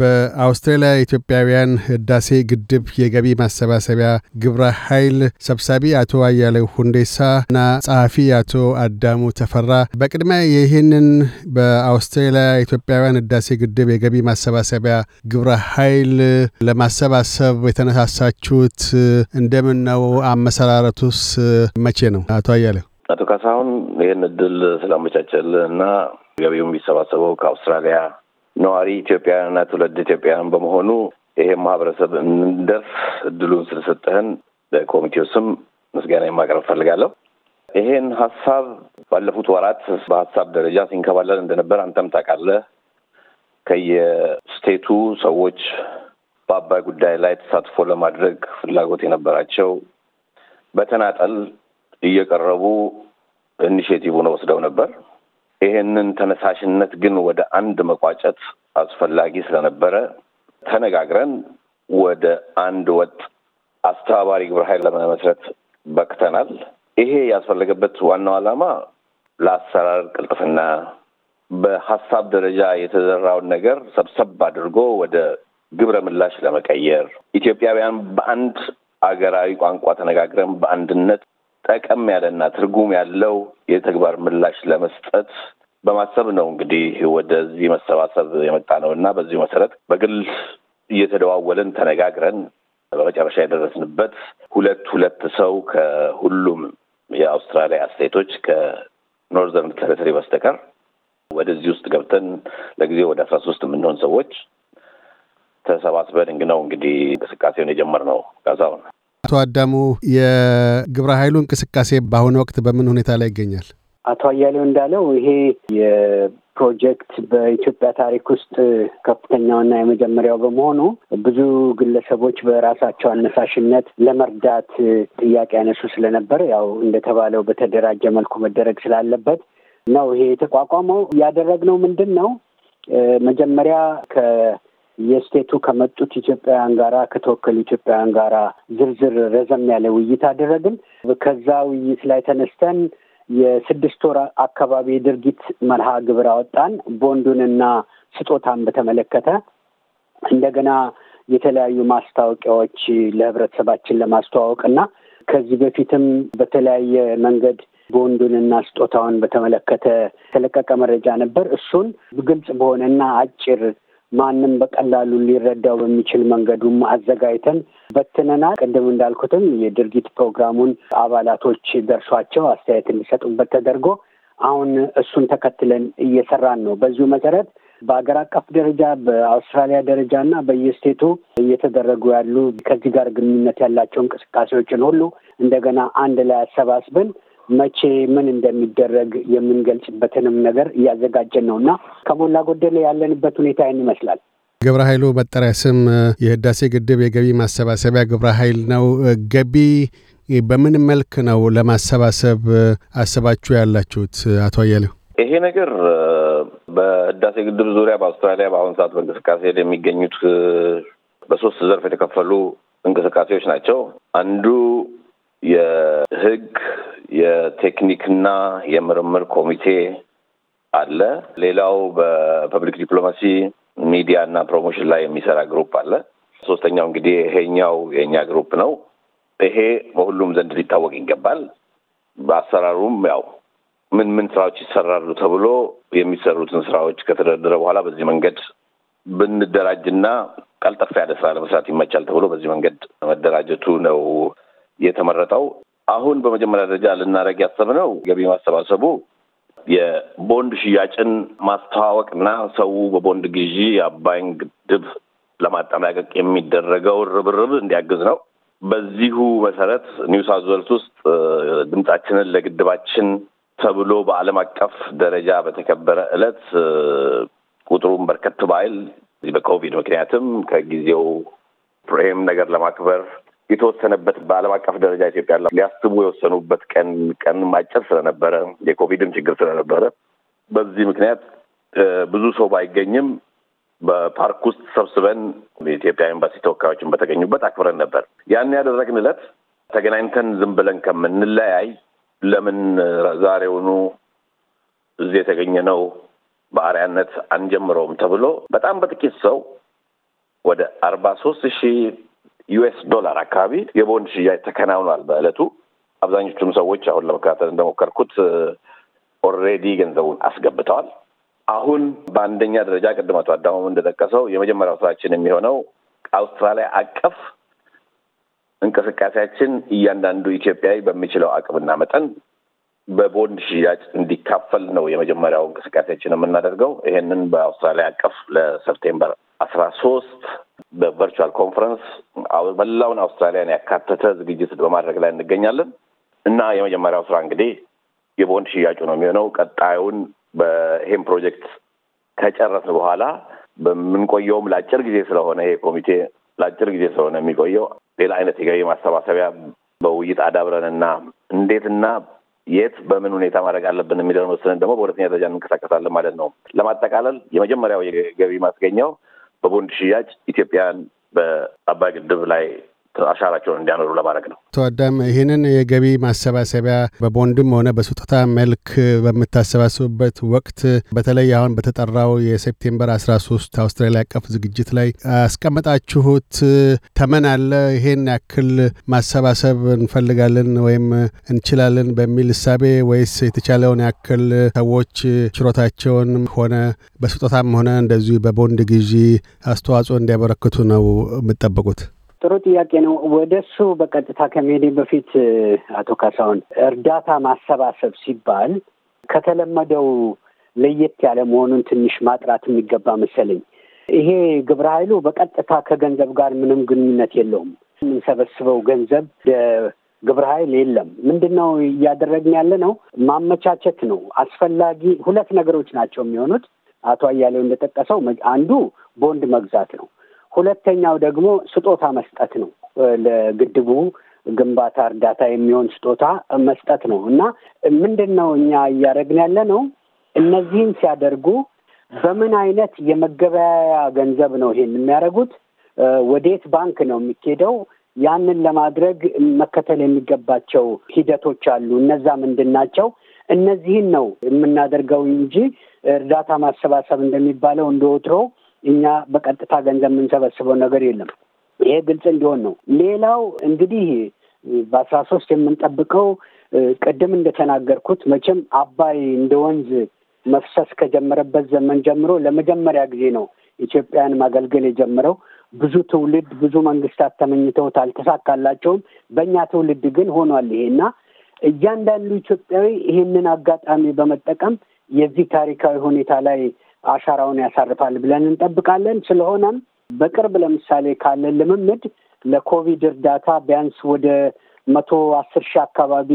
በአውስትራሊያ ኢትዮጵያውያን ህዳሴ ግድብ የገቢ ማሰባሰቢያ ግብረ ኃይል ሰብሳቢ አቶ አያሌው ሁንዴሳ እና ጸሐፊ አቶ አዳሙ ተፈራ፣ በቅድሚያ ይህንን በአውስትራሊያ ኢትዮጵያውያን ህዳሴ ግድብ የገቢ ማሰባሰቢያ ግብረ ኃይል ለማሰባሰብ የተነሳሳችሁት እንደምን ነው? አመሰራረቱስ መቼ ነው? አቶ አያሌው አቶ ካሳሁን ይህን እድል ስላመቻቸል እና ገቢውም የሚሰባሰበው ከአውስትራሊያ ነዋሪ ኢትዮጵያውያንና ትውልድ ኢትዮጵያውያን በመሆኑ ይሄ ማህበረሰብ እንደርስ እድሉን ስለሰጠህን በኮሚቴው ስም ምስጋና የማቅረብ ፈልጋለሁ። ይሄን ሀሳብ ባለፉት ወራት በሀሳብ ደረጃ ሲንከባለል እንደነበር አንተም ታውቃለህ። ከየስቴቱ ሰዎች በአባይ ጉዳይ ላይ ተሳትፎ ለማድረግ ፍላጎት የነበራቸው በተናጠል እየቀረቡ ኢኒሽቲቭ ኢኒሽቲቭን ወስደው ነበር። ይሄንን ተነሳሽነት ግን ወደ አንድ መቋጨት አስፈላጊ ስለነበረ ተነጋግረን ወደ አንድ ወጥ አስተባባሪ ግብረ ኃይል ለመመስረት በክተናል። ይሄ ያስፈለገበት ዋናው ዓላማ ለአሰራር ቅልጥፍና በሀሳብ ደረጃ የተዘራውን ነገር ሰብሰብ አድርጎ ወደ ግብረ ምላሽ ለመቀየር ኢትዮጵያውያን በአንድ አገራዊ ቋንቋ ተነጋግረን በአንድነት ጠቀም ያለና ትርጉም ያለው የተግባር ምላሽ ለመስጠት በማሰብ ነው እንግዲህ ወደዚህ መሰባሰብ የመጣ ነው እና በዚሁ መሰረት በግል እየተደዋወልን ተነጋግረን በመጨረሻ የደረስንበት ሁለት ሁለት ሰው ከሁሉም የአውስትራሊያ ስቴቶች ከኖርዘርን ቴሪተሪ በስተቀር ወደዚህ ውስጥ ገብተን ለጊዜው ወደ አስራ ሶስት የምንሆን ሰዎች ተሰባስበን እንግ ነው እንግዲህ እንቅስቃሴውን የጀመርነው ካሳሁን። አቶ አዳሙ የግብረ ኃይሉ እንቅስቃሴ በአሁኑ ወቅት በምን ሁኔታ ላይ ይገኛል? አቶ አያሌው እንዳለው ይሄ ፕሮጀክት በኢትዮጵያ ታሪክ ውስጥ ከፍተኛውና የመጀመሪያው በመሆኑ ብዙ ግለሰቦች በራሳቸው አነሳሽነት ለመርዳት ጥያቄ ያነሱ ስለነበር ያው እንደተባለው በተደራጀ መልኩ መደረግ ስላለበት ነው ይሄ የተቋቋመው። ያደረግነው ምንድን ነው መጀመሪያ የስቴቱ ከመጡት ኢትዮጵያውያን ጋራ ከተወከሉ ኢትዮጵያውያን ጋራ ዝርዝር ረዘም ያለ ውይይት አደረግን። ከዛ ውይይት ላይ ተነስተን የስድስት ወር አካባቢ የድርጊት መርሃ ግብር አወጣን። ቦንዱንና ስጦታን በተመለከተ እንደገና የተለያዩ ማስታወቂያዎች ለህብረተሰባችን ለማስተዋወቅ እና ከዚህ በፊትም በተለያየ መንገድ ቦንዱንና ስጦታውን በተመለከተ የተለቀቀ መረጃ ነበር። እሱን ግልጽ በሆነና አጭር ማንም በቀላሉ ሊረዳው በሚችል መንገዱም አዘጋጅተን በትነናል። ቅድም እንዳልኩትም የድርጊት ፕሮግራሙን አባላቶች ደርሷቸው አስተያየት እንዲሰጡበት ተደርጎ አሁን እሱን ተከትለን እየሰራን ነው። በዚሁ መሰረት በሀገር አቀፍ ደረጃ በአውስትራሊያ ደረጃ እና በየስቴቱ እየተደረጉ ያሉ ከዚህ ጋር ግንኙነት ያላቸው እንቅስቃሴዎችን ሁሉ እንደገና አንድ ላይ አሰባስበን መቼ ምን እንደሚደረግ የምንገልጽበትንም ነገር እያዘጋጀን ነው እና ከሞላ ጎደል ያለንበት ሁኔታ ይህን ይመስላል። ግብረ ኃይሉ መጠሪያ ስም የህዳሴ ግድብ የገቢ ማሰባሰቢያ ግብረ ኃይል ነው። ገቢ በምን መልክ ነው ለማሰባሰብ አስባችሁ ያላችሁት? አቶ አያሌው ይሄ ነገር በህዳሴ ግድብ ዙሪያ በአውስትራሊያ በአሁኑ ሰዓት በእንቅስቃሴ የሚገኙት በሶስት ዘርፍ የተከፈሉ እንቅስቃሴዎች ናቸው። አንዱ የህግ የቴክኒክና የምርምር ኮሚቴ አለ። ሌላው በፐብሊክ ዲፕሎማሲ ሚዲያ እና ፕሮሞሽን ላይ የሚሰራ ግሩፕ አለ። ሶስተኛው እንግዲህ ይሄኛው የእኛ ግሩፕ ነው። ይሄ በሁሉም ዘንድ ሊታወቅ ይገባል። በአሰራሩም ያው ምን ምን ስራዎች ይሰራሉ ተብሎ የሚሰሩትን ስራዎች ከተደረደረ በኋላ በዚህ መንገድ ብንደራጅና ቀልጠፍ ያለ ስራ ለመስራት ይመቻል ተብሎ በዚህ መንገድ መደራጀቱ ነው የተመረጠው። አሁን በመጀመሪያ ደረጃ ልናደርግ ያሰብነው ገቢ ማሰባሰቡ የቦንድ ሽያጭን ማስተዋወቅና ሰው በቦንድ ግዢ የአባይን ግድብ ለማጠናቀቅ የሚደረገው ርብርብ እንዲያግዝ ነው። በዚሁ መሰረት ኒው ሳውዝ ዌልስ ውስጥ ድምጻችንን ለግድባችን ተብሎ በዓለም አቀፍ ደረጃ በተከበረ ዕለት ቁጥሩን በርከት ባይል በኮቪድ ምክንያትም ከጊዜው ፕሬም ነገር ለማክበር የተወሰነበት በዓለም አቀፍ ደረጃ ኢትዮጵያ ሊያስቡ የወሰኑበት ቀን ቀን ማጨር ስለነበረ የኮቪድም ችግር ስለነበረ በዚህ ምክንያት ብዙ ሰው ባይገኝም በፓርክ ውስጥ ሰብስበን የኢትዮጵያ ኤምባሲ ተወካዮችን በተገኙበት አክብረን ነበር። ያን ያደረግን ዕለት ተገናኝተን ዝም ብለን ከምንለያይ ለምን ዛሬውኑ እዚህ ነው በአርያነት አንጀምረውም ተብሎ በጣም በጥቂት ሰው ወደ አርባ ሶስት ሺህ ዩኤስ ዶላር አካባቢ የቦንድ ሽያጭ ተከናውኗል በእለቱ አብዛኞቹም ሰዎች አሁን ለመከታተል እንደሞከርኩት ኦልሬዲ ገንዘቡን አስገብተዋል። አሁን በአንደኛ ደረጃ ቅድም አቶ አዳሙም እንደጠቀሰው የመጀመሪያው ስራችን የሚሆነው አውስትራሊያ አቀፍ እንቅስቃሴያችን እያንዳንዱ ኢትዮጵያዊ በሚችለው አቅምና መጠን በቦንድ ሽያጭ እንዲካፈል ነው የመጀመሪያው እንቅስቃሴያችን የምናደርገው። ይሄንን በአውስትራሊያ አቀፍ ለሰፕቴምበር አስራ ሶስት በቨርቹዋል ኮንፈረንስ መላውን አውስትራሊያን ያካተተ ዝግጅት በማድረግ ላይ እንገኛለን እና የመጀመሪያው ስራ እንግዲህ የቦንድ ሽያጩ ነው የሚሆነው። ቀጣዩን በሄም ፕሮጀክት ከጨረስ በኋላ በምንቆየውም ለአጭር ጊዜ ስለሆነ ይሄ ኮሚቴ ለአጭር ጊዜ ስለሆነ የሚቆየው ሌላ አይነት የገቢ ማሰባሰቢያ በውይይት አዳብረንና እንዴትና የት በምን ሁኔታ ማድረግ አለብን የሚለውን ወስነን ደግሞ በሁለተኛ ደረጃ እንንቀሳቀሳለን ማለት ነው። ለማጠቃለል የመጀመሪያው የገቢ ማስገኛው በቦንድ ሽያጭ ኢትዮጵያን በአባይ ግድብ ላይ አሻራቸውን እንዲያኖሩ ለማድረግ ነው። አቶ አዳም ይህንን የገቢ ማሰባሰቢያ በቦንድም ሆነ በስጦታ መልክ በምታሰባስቡበት ወቅት በተለይ አሁን በተጠራው የሴፕቴምበር አስራ ሶስት አውስትራሊያ አቀፍ ዝግጅት ላይ አስቀመጣችሁት ተመን አለ? ይሄን ያክል ማሰባሰብ እንፈልጋለን ወይም እንችላለን በሚል እሳቤ ወይስ የተቻለውን ያክል ሰዎች ችሮታቸውን ሆነ በስጦታም ሆነ እንደዚሁ በቦንድ ግዢ አስተዋጽኦ እንዲያበረክቱ ነው የምጠበቁት? ጥሩ ጥያቄ ነው። ወደ እሱ በቀጥታ ከመሄዴ በፊት አቶ ካሳሁን እርዳታ ማሰባሰብ ሲባል ከተለመደው ለየት ያለ መሆኑን ትንሽ ማጥራት የሚገባ መሰለኝ። ይሄ ግብረ ኃይሉ በቀጥታ ከገንዘብ ጋር ምንም ግንኙነት የለውም። የምንሰበስበው ገንዘብ ግብረ ኃይል የለም። ምንድን ነው እያደረግን ያለ ነው? ማመቻቸት ነው። አስፈላጊ ሁለት ነገሮች ናቸው የሚሆኑት። አቶ አያሌው እንደጠቀሰው አንዱ ቦንድ መግዛት ነው። ሁለተኛው ደግሞ ስጦታ መስጠት ነው። ለግድቡ ግንባታ እርዳታ የሚሆን ስጦታ መስጠት ነው እና ምንድን ነው እኛ እያደረግን ያለ ነው። እነዚህን ሲያደርጉ በምን አይነት የመገበያያ ገንዘብ ነው ይሄን የሚያደርጉት? ወዴት ባንክ ነው የሚኬደው? ያንን ለማድረግ መከተል የሚገባቸው ሂደቶች አሉ። እነዛ ምንድን ናቸው? እነዚህን ነው የምናደርገው እንጂ እርዳታ ማሰባሰብ እንደሚባለው እንደወትሮ? እኛ በቀጥታ ገንዘብ የምንሰበስበው ነገር የለም። ይሄ ግልጽ እንዲሆን ነው። ሌላው እንግዲህ በአስራ ሶስት የምንጠብቀው ቅድም እንደተናገርኩት መቼም አባይ እንደ ወንዝ መፍሰስ ከጀመረበት ዘመን ጀምሮ ለመጀመሪያ ጊዜ ነው ኢትዮጵያን ማገልገል የጀመረው። ብዙ ትውልድ ብዙ መንግስታት ተመኝተውት አልተሳካላቸውም። በእኛ ትውልድ ግን ሆኗል። ይሄ እና እያንዳንዱ ኢትዮጵያዊ ይህንን አጋጣሚ በመጠቀም የዚህ ታሪካዊ ሁኔታ ላይ አሻራውን ያሳርፋል ብለን እንጠብቃለን። ስለሆነም በቅርብ ለምሳሌ ካለ ልምምድ ለኮቪድ እርዳታ ቢያንስ ወደ መቶ አስር ሺህ አካባቢ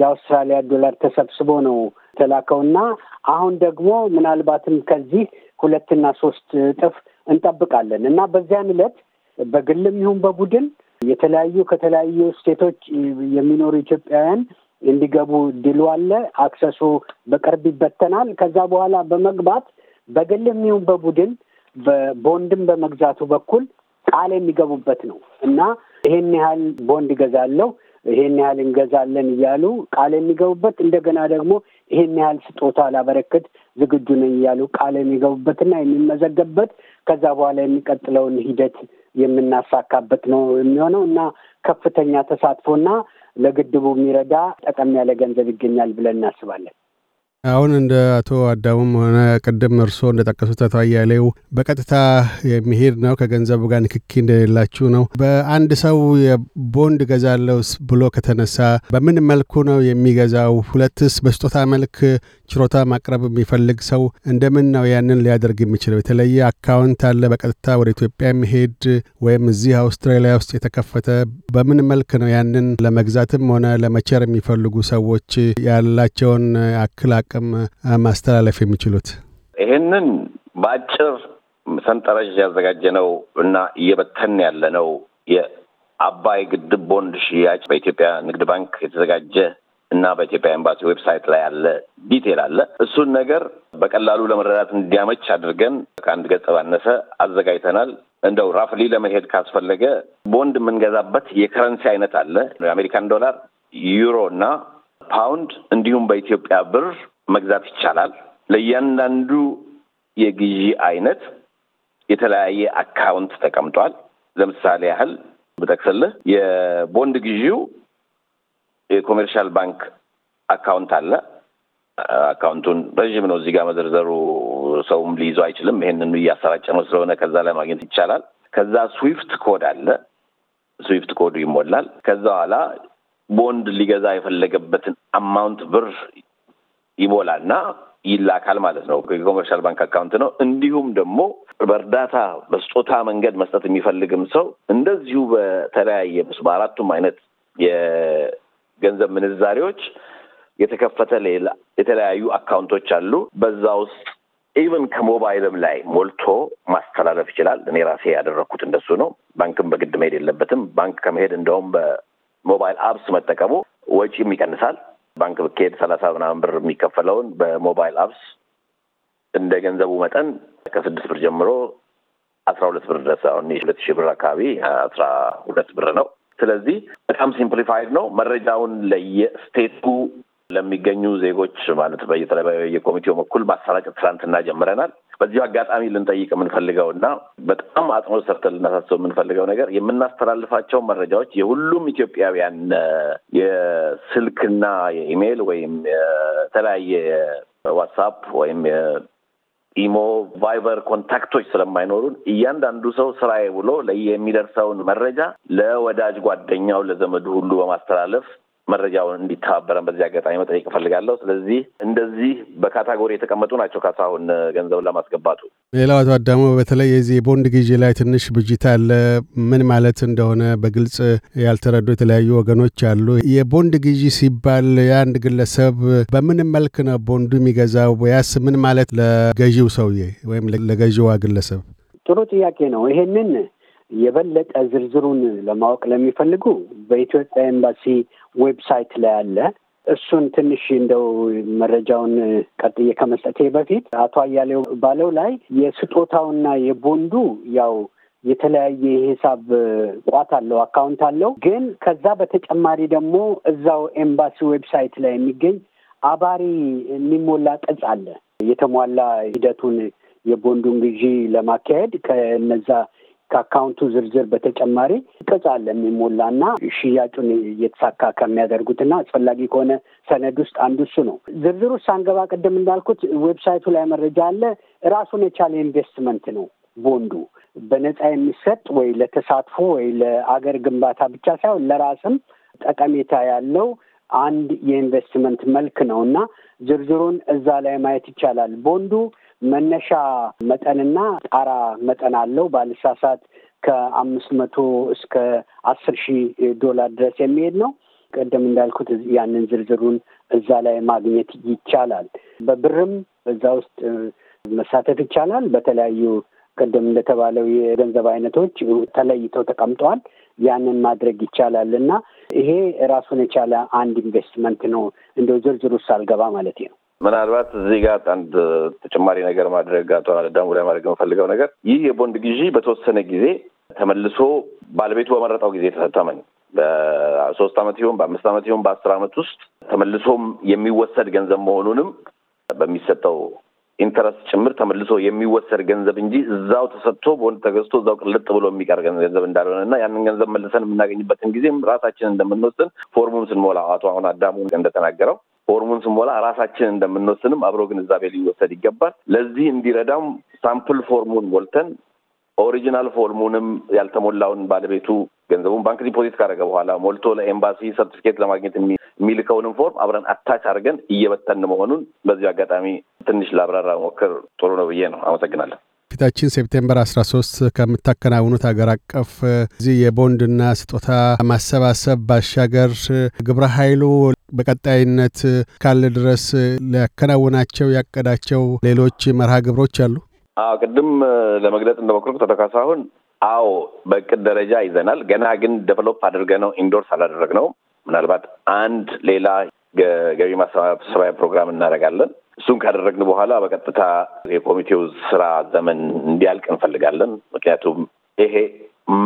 የአውስትራሊያ ዶላር ተሰብስቦ ነው እና አሁን ደግሞ ምናልባትም ከዚህ ሁለትና ሶስት እጥፍ እንጠብቃለን እና በዚያን ዕለት በግልም ይሁን በቡድን የተለያዩ ከተለያዩ ስቴቶች የሚኖሩ ኢትዮጵያውያን እንዲገቡ ድሉ አለ። አክሰሱ በቅርብ ይበተናል። ከዛ በኋላ በመግባት በግል የሚሆን በቡድን በቦንድም በመግዛቱ በኩል ቃል የሚገቡበት ነው እና ይሄን ያህል ቦንድ ይገዛለሁ ይሄን ያህል እንገዛለን እያሉ ቃል የሚገቡበት እንደገና ደግሞ ይሄን ያህል ስጦታ ላበረክት ዝግጁ ነኝ እያሉ ቃል የሚገቡበትና የሚመዘገብበት ከዛ በኋላ የሚቀጥለውን ሂደት የምናሳካበት ነው የሚሆነው እና ከፍተኛ ተሳትፎና ለግድቡ የሚረዳ ጠቀም ያለ ገንዘብ ይገኛል ብለን እናስባለን። አሁን እንደ አቶ አዳሙም ሆነ ቅድም እርስዎ እንደጠቀሱት አቶ አያሌው በቀጥታ የሚሄድ ነው፣ ከገንዘቡ ጋር ንክኪ እንደሌላችሁ ነው። በአንድ ሰው የቦንድ ገዛለው ብሎ ከተነሳ በምን መልኩ ነው የሚገዛው? ሁለትስ በስጦታ መልክ ችሮታ ማቅረብ የሚፈልግ ሰው እንደምን ነው ያንን ሊያደርግ የሚችለው? የተለየ አካውንት አለ በቀጥታ ወደ ኢትዮጵያ የሚሄድ ወይም እዚህ አውስትራሊያ ውስጥ የተከፈተ በምን መልክ ነው ያንን ለመግዛትም ሆነ ለመቸር የሚፈልጉ ሰዎች ያላቸውን አክል አጠቃቀም ማስተላለፍ የሚችሉት? ይህንን በአጭር ሰንጠረዥ ያዘጋጀነው እና እየበተን ያለነው የአባይ ግድብ ቦንድ ሽያጭ በኢትዮጵያ ንግድ ባንክ የተዘጋጀ እና በኢትዮጵያ ኤምባሲ ዌብሳይት ላይ ያለ ዲቴል አለ። እሱን ነገር በቀላሉ ለመረዳት እንዲያመች አድርገን ከአንድ ገጽ ባነሰ አዘጋጅተናል። እንደው ራፍሊ ለመሄድ ካስፈለገ ቦንድ የምንገዛበት የከረንሲ አይነት አለ። የአሜሪካን ዶላር፣ ዩሮ እና ፓውንድ እንዲሁም በኢትዮጵያ ብር መግዛት ይቻላል። ለእያንዳንዱ የግዢ አይነት የተለያየ አካውንት ተቀምጧል። ለምሳሌ ያህል ብጠቅስልህ የቦንድ ግዢው የኮሜርሻል ባንክ አካውንት አለ። አካውንቱን ረዥም ነው እዚህ ጋር መዘርዘሩ ሰውም ሊይዞ አይችልም። ይሄንን እያሰራጨ ነው ስለሆነ ከዛ ላይ ማግኘት ይቻላል። ከዛ ስዊፍት ኮድ አለ። ስዊፍት ኮዱ ይሞላል። ከዛ በኋላ ቦንድ ሊገዛ የፈለገበትን አማውንት ብር ይሞላና ይላካል ማለት ነው። የኮመርሻል ባንክ አካውንት ነው። እንዲሁም ደግሞ በእርዳታ በስጦታ መንገድ መስጠት የሚፈልግም ሰው እንደዚሁ በተለያየ በአራቱም አይነት የገንዘብ ምንዛሬዎች የተከፈተ ሌላ የተለያዩ አካውንቶች አሉ። በዛ ውስጥ ኢቨን ከሞባይልም ላይ ሞልቶ ማስተላለፍ ይችላል። እኔ ራሴ ያደረግኩት እንደሱ ነው። ባንክም በግድ መሄድ የለበትም። ባንክ ከመሄድ እንደውም በሞባይል አፕስ መጠቀሙ ወጪም ይቀንሳል። ባንክ ብትሄድ ሰላሳ ምናምን ብር የሚከፈለውን በሞባይል አፕስ እንደ ገንዘቡ መጠን ከስድስት ብር ጀምሮ አስራ ሁለት ብር ድረስ አሁን ሁለት ሺህ ብር አካባቢ አስራ ሁለት ብር ነው። ስለዚህ በጣም ሲምፕሊፋይድ ነው። መረጃውን ለየስቴቱ ለሚገኙ ዜጎች ማለት በየተለያየ ኮሚቴው በኩል ማሰራጨት ትላንትና ጀምረናል። በዚሁ አጋጣሚ ልንጠይቅ የምንፈልገው እና በጣም አጽንኦት ሰርተን ልናሳስብ የምንፈልገው ነገር የምናስተላልፋቸው መረጃዎች የሁሉም ኢትዮጵያውያን የስልክና የኢሜይል ወይም የተለያየ ዋትሳፕ ወይም ኢሞ፣ ቫይበር ኮንታክቶች ስለማይኖሩን እያንዳንዱ ሰው ስራዬ ብሎ ለየሚደርሰውን መረጃ ለወዳጅ ጓደኛው፣ ለዘመዱ ሁሉ በማስተላለፍ መረጃውን እንዲተባበረን በዚህ አጋጣሚ መጠየቅ እፈልጋለሁ። ስለዚህ እንደዚህ በካታጎሪ የተቀመጡ ናቸው ካሳሁን ገንዘብን ለማስገባቱ። ሌላው አቶ አዳሙ በተለይ የዚህ የቦንድ ግዢ ላይ ትንሽ ብጅታ አለ። ምን ማለት እንደሆነ በግልጽ ያልተረዱ የተለያዩ ወገኖች አሉ። የቦንድ ግዢ ሲባል የአንድ ግለሰብ በምን መልክ ነው ቦንዱ የሚገዛው? ያስ ምን ማለት ለገዢው ሰውዬ ወይም ለገዢዋ ግለሰብ? ጥሩ ጥያቄ ነው። ይሄንን የበለጠ ዝርዝሩን ለማወቅ ለሚፈልጉ በኢትዮጵያ ኤምባሲ ዌብሳይት ላይ አለ። እሱን ትንሽ እንደው መረጃውን ቀጥዬ ከመስጠቴ በፊት አቶ አያሌው ባለው ላይ የስጦታውና የቦንዱ ያው የተለያየ የሂሳብ ቋት አለው አካውንት አለው። ግን ከዛ በተጨማሪ ደግሞ እዛው ኤምባሲ ዌብሳይት ላይ የሚገኝ አባሪ የሚሞላ ቅጽ አለ። የተሟላ ሂደቱን የቦንዱን ግዢ ለማካሄድ ከነዛ ከአካውንቱ ዝርዝር በተጨማሪ ቅጽ አለ የሚሞላ እና ሽያጩን እየተሳካ ከሚያደርጉትና አስፈላጊ ከሆነ ሰነድ ውስጥ አንዱ እሱ ነው። ዝርዝሩ ሳንገባ ቅድም እንዳልኩት ዌብሳይቱ ላይ መረጃ አለ። ራሱን የቻለ ኢንቨስትመንት ነው ቦንዱ በነፃ የሚሰጥ ወይ ለተሳትፎ ወይ ለአገር ግንባታ ብቻ ሳይሆን ለራስም ጠቀሜታ ያለው አንድ የኢንቨስትመንት መልክ ነው እና ዝርዝሩን እዛ ላይ ማየት ይቻላል። ቦንዱ መነሻ መጠንና ጣራ መጠን አለው ባልሳሳት ከአምስት መቶ እስከ አስር ሺህ ዶላር ድረስ የሚሄድ ነው። ቀደም እንዳልኩት ያንን ዝርዝሩን እዛ ላይ ማግኘት ይቻላል። በብርም በዛ ውስጥ መሳተፍ ይቻላል። በተለያዩ ቅድም እንደተባለው የገንዘብ አይነቶች ተለይተው ተቀምጠዋል። ያንን ማድረግ ይቻላል እና ይሄ ራሱን የቻለ አንድ ኢንቨስትመንት ነው። እንደው ዝርዝሩ ሳልገባ ማለት ነው። ምናልባት እዚህ ጋር አንድ ተጨማሪ ነገር ማድረግ አቶ አዳሙ ላይ ማድረግ የምፈልገው ነገር ይህ የቦንድ ግዢ በተወሰነ ጊዜ ተመልሶ ባለቤቱ በመረጠው ጊዜ ተተመን በሶስት አመት ይሁን በአምስት አመት ይሁን በአስር አመት ውስጥ ተመልሶም የሚወሰድ ገንዘብ መሆኑንም በሚሰጠው ኢንተረስት ጭምር ተመልሶ የሚወሰድ ገንዘብ እንጂ እዛው ተሰጥቶ በወንድ ተገዝቶ እዛው ቅልጥ ብሎ የሚቀር ገንዘብ እንዳልሆነ እና ያንን ገንዘብ መልሰን የምናገኝበትን ጊዜም ራሳችን እንደምንወስን ፎርሙም ስንሞላ አቶ አሁን አዳሙ እንደተናገረው ሆርሞን ስንሞላ ራሳችን እንደምንወስንም አብሮ ግንዛቤ ሊወሰድ ይገባል። ለዚህ እንዲረዳም ሳምፕል ፎርሙን ሞልተን ኦሪጂናል ፎርሙንም ያልተሞላውን ባለቤቱ ገንዘቡን ባንክ ዲፖዚት ካደረገ በኋላ ሞልቶ ለኤምባሲ ሰርቲፊኬት ለማግኘት የሚልከውንም ፎርም አብረን አታች አድርገን እየበተን መሆኑን በዚሁ አጋጣሚ ትንሽ ላብራራ ሞክር ጥሩ ነው ብዬ ነው። አመሰግናለሁ። ፊታችን ሴፕቴምበር 13 ከምታከናውኑት አገር አቀፍ እዚህ የቦንድና ስጦታ ማሰባሰብ ባሻገር ግብረ ኃይሉ በቀጣይነት ካለ ድረስ ሊያከናውናቸው ያቀዳቸው ሌሎች መርሃ ግብሮች አሉ? አዎ ቅድም ለመግለጽ እንደሞክርኩ ተተካሳሁን አዎ በእቅድ ደረጃ ይዘናል። ገና ግን ዴቨሎፕ አድርገ ነው ኢንዶርስ አላደረግ ነው ምናልባት አንድ ሌላ ገቢ ማሰባሰቢያ ፕሮግራም እናደርጋለን። እሱን ካደረግን በኋላ በቀጥታ የኮሚቴው ስራ ዘመን እንዲያልቅ እንፈልጋለን። ምክንያቱም ይሄ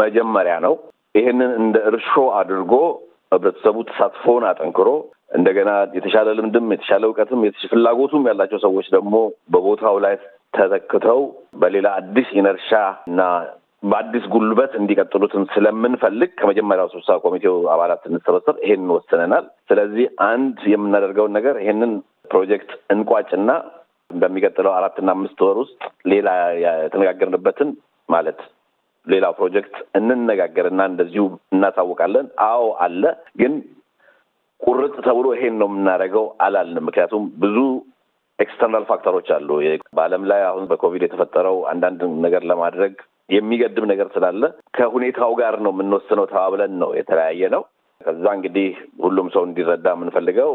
መጀመሪያ ነው። ይሄንን እንደ እርሾ አድርጎ ህብረተሰቡ ተሳትፎውን አጠንክሮ እንደገና የተሻለ ልምድም የተሻለ እውቀትም ፍላጎቱም ያላቸው ሰዎች ደግሞ በቦታው ላይ ተተክተው በሌላ አዲስ ኢነርሻ እና በአዲስ ጉልበት እንዲቀጥሉትን ስለምንፈልግ ከመጀመሪያው ስብሰባ ኮሚቴው አባላት እንሰበሰብ ይሄንን ወስነናል። ስለዚህ አንድ የምናደርገውን ነገር ይሄንን ፕሮጀክት እንቋጭና በሚቀጥለው አራትና አምስት ወር ውስጥ ሌላ የተነጋገርንበትን ማለት ሌላ ፕሮጀክት እንነጋገርና እንደዚሁ እናሳውቃለን። አዎ አለ ግን ቁርጥ ተብሎ ይሄን ነው የምናደርገው አላልንም። ምክንያቱም ብዙ ኤክስተርናል ፋክተሮች አሉ። በዓለም ላይ አሁን በኮቪድ የተፈጠረው አንዳንድ ነገር ለማድረግ የሚገድብ ነገር ስላለ ከሁኔታው ጋር ነው የምንወስነው ተባብለን ነው የተለያየ ነው። ከዛ እንግዲህ ሁሉም ሰው እንዲረዳ የምንፈልገው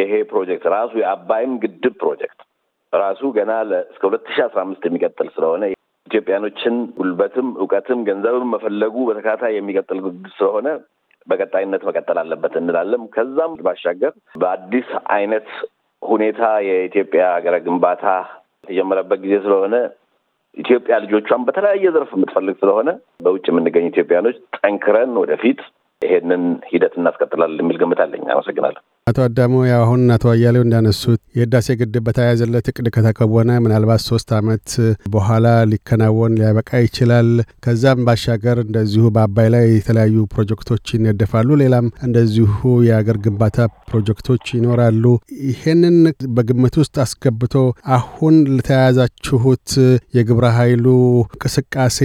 ይሄ ፕሮጀክት ራሱ የአባይም ግድብ ፕሮጀክት ራሱ ገና እስከ ሁለት ሺህ አስራ አምስት የሚቀጥል ስለሆነ ኢትዮጵያኖችን ጉልበትም እውቀትም ገንዘብም መፈለጉ በተከታታይ የሚቀጥል ስለሆነ በቀጣይነት መቀጠል አለበት እንላለን። ከዛም ባሻገር በአዲስ አይነት ሁኔታ የኢትዮጵያ ሀገረ ግንባታ የተጀመረበት ጊዜ ስለሆነ ኢትዮጵያ ልጆቿን በተለያየ ዘርፍ የምትፈልግ ስለሆነ በውጭ የምንገኝ ኢትዮጵያኖች ጠንክረን ወደፊት ይሄንን ሂደት እናስቀጥላለን የሚል ግምት አለኝ። አመሰግናለሁ። አቶ አዳሙ አሁን አቶ አያሌው እንዳነሱት የህዳሴ ግድብ በተያያዘለት እቅድ ከተከወነ ምናልባት ሶስት ዓመት በኋላ ሊከናወን ሊያበቃ ይችላል። ከዛም ባሻገር እንደዚሁ በአባይ ላይ የተለያዩ ፕሮጀክቶች ይነደፋሉ። ሌላም እንደዚሁ የአገር ግንባታ ፕሮጀክቶች ይኖራሉ። ይህንን በግምት ውስጥ አስገብቶ አሁን ለተያያዛችሁት የግብረ ኃይሉ እንቅስቃሴ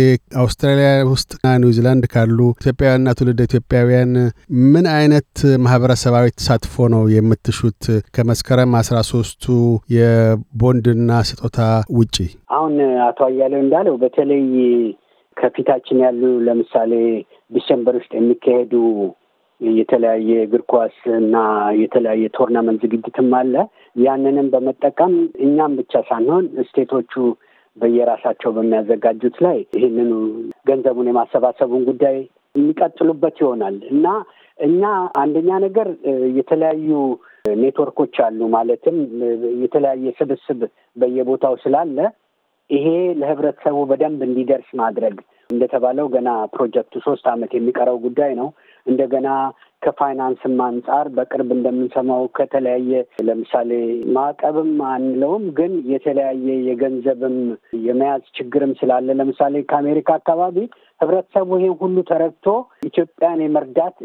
አውስትራሊያ ውስጥና ኒውዚላንድ ካሉ ኢትዮጵያውያንና ትውልደ ኢትዮጵያውያን ምን አይነት ማህበረሰባዊ ተሳትፎ ነው የምትሹት ከመስከረም አስራ ሶስቱ የቦንድና ስጦታ ውጪ? አሁን አቶ አያሌው እንዳለው በተለይ ከፊታችን ያሉ ለምሳሌ ዲሰምበር ውስጥ የሚካሄዱ የተለያየ እግር ኳስ እና የተለያየ ቶርናመንት ዝግጅትም አለ። ያንንም በመጠቀም እኛም ብቻ ሳንሆን ስቴቶቹ በየራሳቸው በሚያዘጋጁት ላይ ይህንኑ ገንዘቡን የማሰባሰቡን ጉዳይ የሚቀጥሉበት ይሆናል እና እና አንደኛ ነገር የተለያዩ ኔትወርኮች አሉ። ማለትም የተለያየ ስብስብ በየቦታው ስላለ ይሄ ለህብረተሰቡ በደንብ እንዲደርስ ማድረግ እንደተባለው ገና ፕሮጀክቱ ሶስት ዓመት የሚቀረው ጉዳይ ነው። እንደገና ከፋይናንስም አንጻር በቅርብ እንደምንሰማው ከተለያየ ለምሳሌ ማዕቀብም አንለውም፣ ግን የተለያየ የገንዘብም የመያዝ ችግርም ስላለ ለምሳሌ ከአሜሪካ አካባቢ ህብረተሰቡ ይሄን ሁሉ ተረድቶ ኢትዮጵያን የመርዳት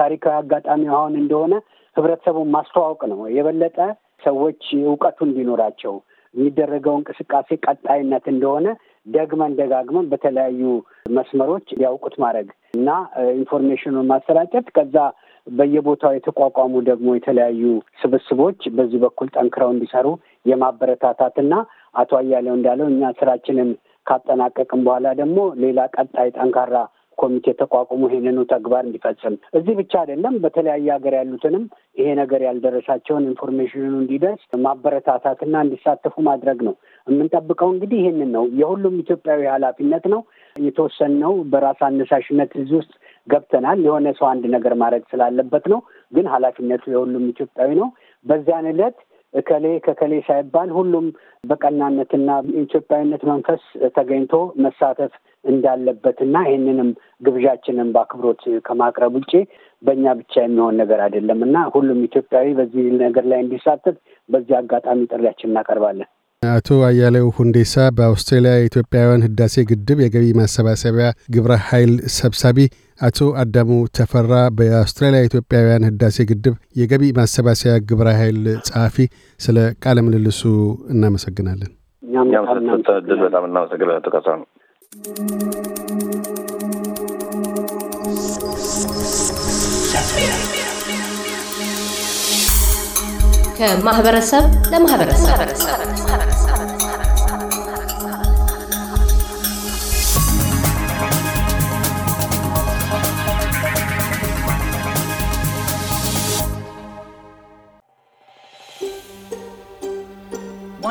ታሪካዊ አጋጣሚ አሁን እንደሆነ ህብረተሰቡን ማስተዋወቅ ነው። የበለጠ ሰዎች እውቀቱ እንዲኖራቸው የሚደረገው እንቅስቃሴ ቀጣይነት እንደሆነ ደግመን ደጋግመን በተለያዩ መስመሮች ሊያውቁት ማድረግ እና ኢንፎርሜሽኑን ማሰራጨት ከዛ በየቦታው የተቋቋሙ ደግሞ የተለያዩ ስብስቦች በዚህ በኩል ጠንክረው እንዲሰሩ የማበረታታትና አቶ አያሌው እንዳለው እኛ ስራችንን ካጠናቀቅም በኋላ ደግሞ ሌላ ቀጣይ ጠንካራ ኮሚቴ ተቋቁሞ ይሄንኑ ተግባር እንዲፈጽም እዚህ ብቻ አይደለም፣ በተለያየ ሀገር ያሉትንም ይሄ ነገር ያልደረሳቸውን ኢንፎርሜሽኑ እንዲደርስ ማበረታታትና እንዲሳተፉ ማድረግ ነው። የምንጠብቀው እንግዲህ ይህንን ነው። የሁሉም ኢትዮጵያዊ ኃላፊነት ነው። የተወሰንነው በራስ አነሳሽነት እዚህ ውስጥ ገብተናል። የሆነ ሰው አንድ ነገር ማድረግ ስላለበት ነው። ግን ኃላፊነቱ የሁሉም ኢትዮጵያዊ ነው። በዚያን ዕለት እከሌ ከከሌ ሳይባል ሁሉም በቀናነትና ኢትዮጵያዊነት መንፈስ ተገኝቶ መሳተፍ እንዳለበትና ይህንንም ግብዣችንን በአክብሮት ከማቅረብ ውጭ በእኛ ብቻ የሚሆን ነገር አይደለም እና ሁሉም ኢትዮጵያዊ በዚህ ነገር ላይ እንዲሳተፍ በዚህ አጋጣሚ ጥሪያችን እናቀርባለን። አቶ አያሌው ሁንዴሳ በአውስትራሊያ የኢትዮጵያውያን ህዳሴ ግድብ የገቢ ማሰባሰቢያ ግብረ ኃይል ሰብሳቢ፣ አቶ አዳሙ ተፈራ በአውስትራሊያ የኢትዮጵያውያን ህዳሴ ግድብ የገቢ ማሰባሰቢያ ግብረ ኃይል ጸሐፊ፣ ስለ ቃለ ምልልሱ እናመሰግናለን። በጣም እናመሰግናለን። ተቀሳ ነው። ከማህበረሰብ ለማህበረሰብ